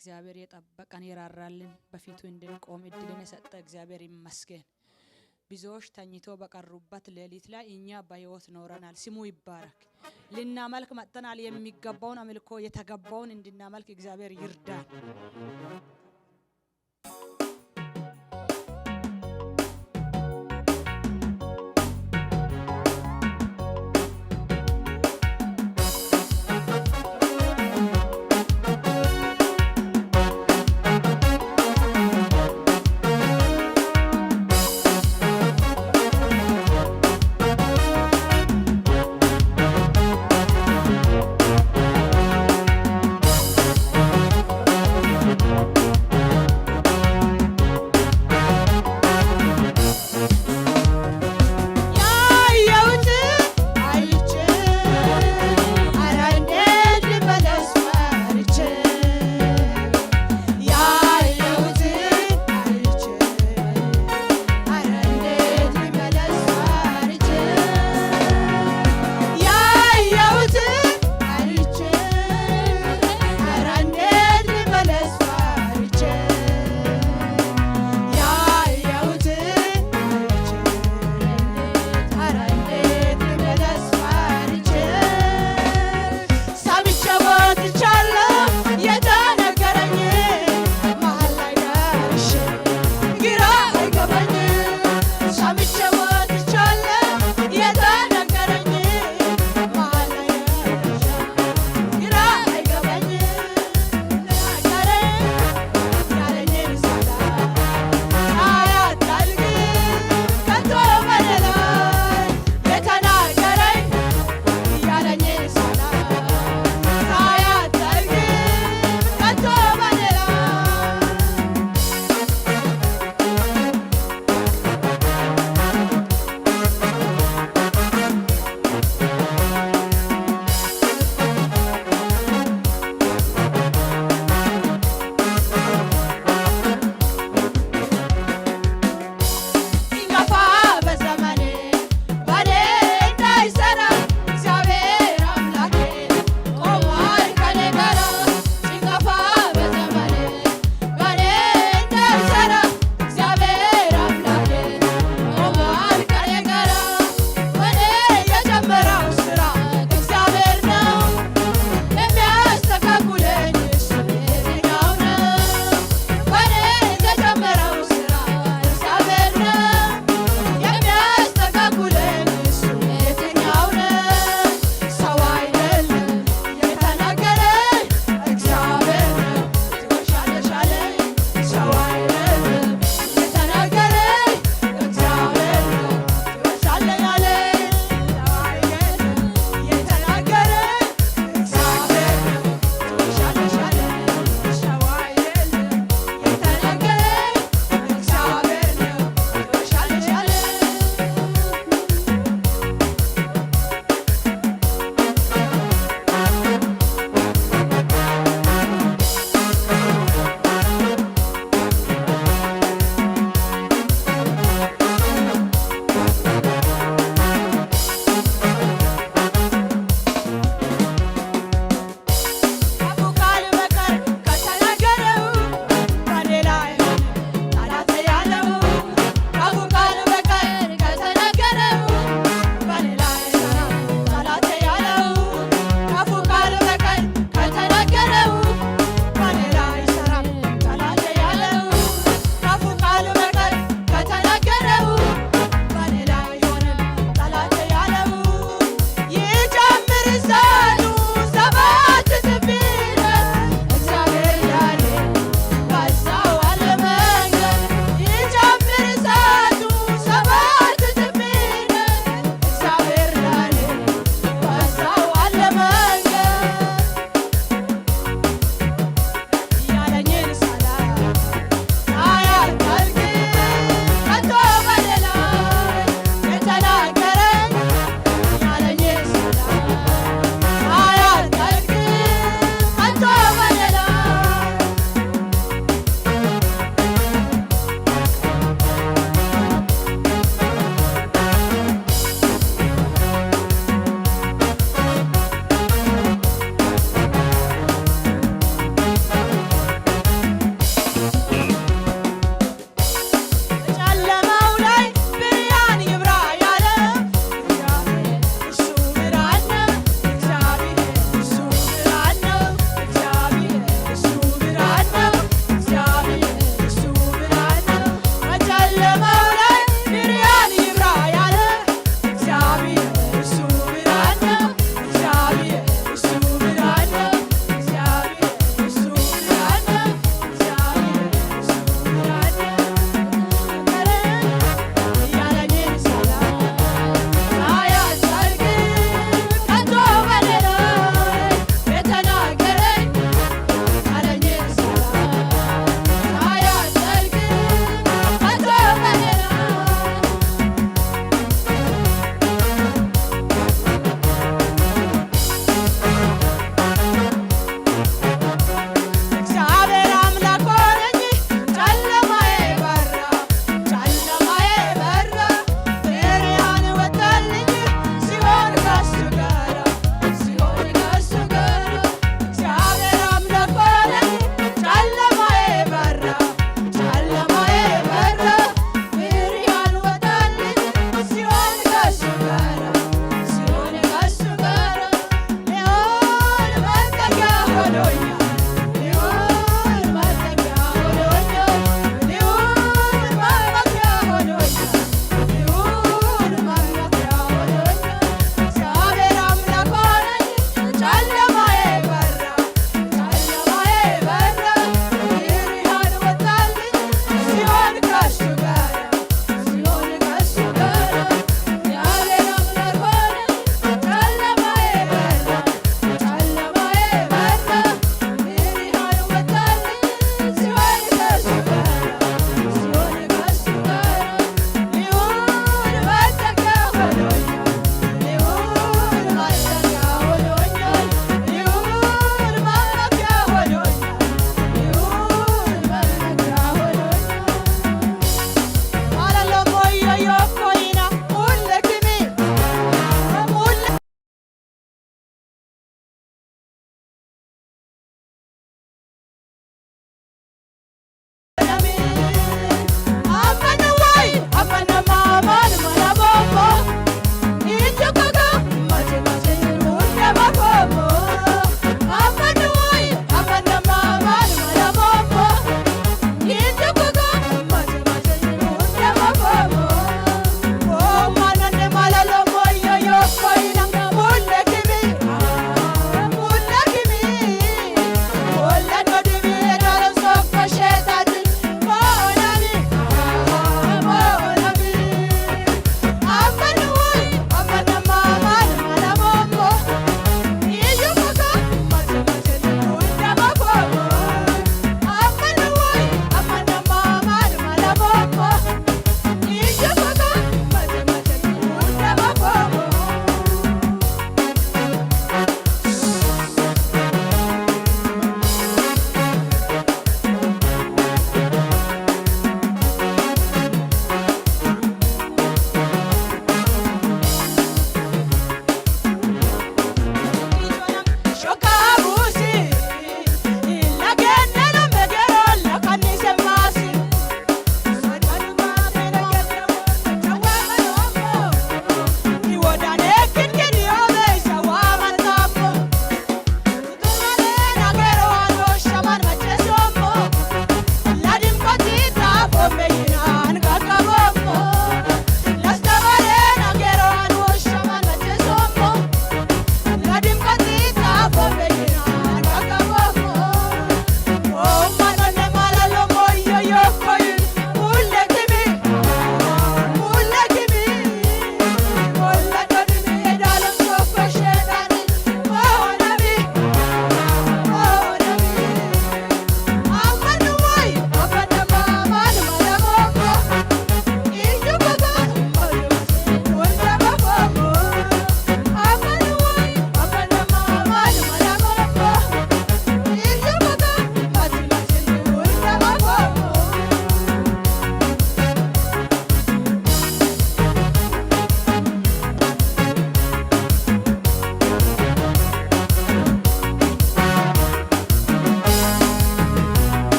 እግዚአብሔር የጠበቀን ይራራልን በፊቱ እንድንቆም እድልን የሰጠ እግዚአብሔር ይመስገን። ብዙዎች ተኝቶ በቀሩበት ሌሊት ላይ እኛ በህይወት ኖረናል። ስሙ ይባረክ። ልናመልክ መጥተናል። የሚገባውን አምልኮ የተገባውን እንድናመልክ እግዚአብሔር ይርዳል።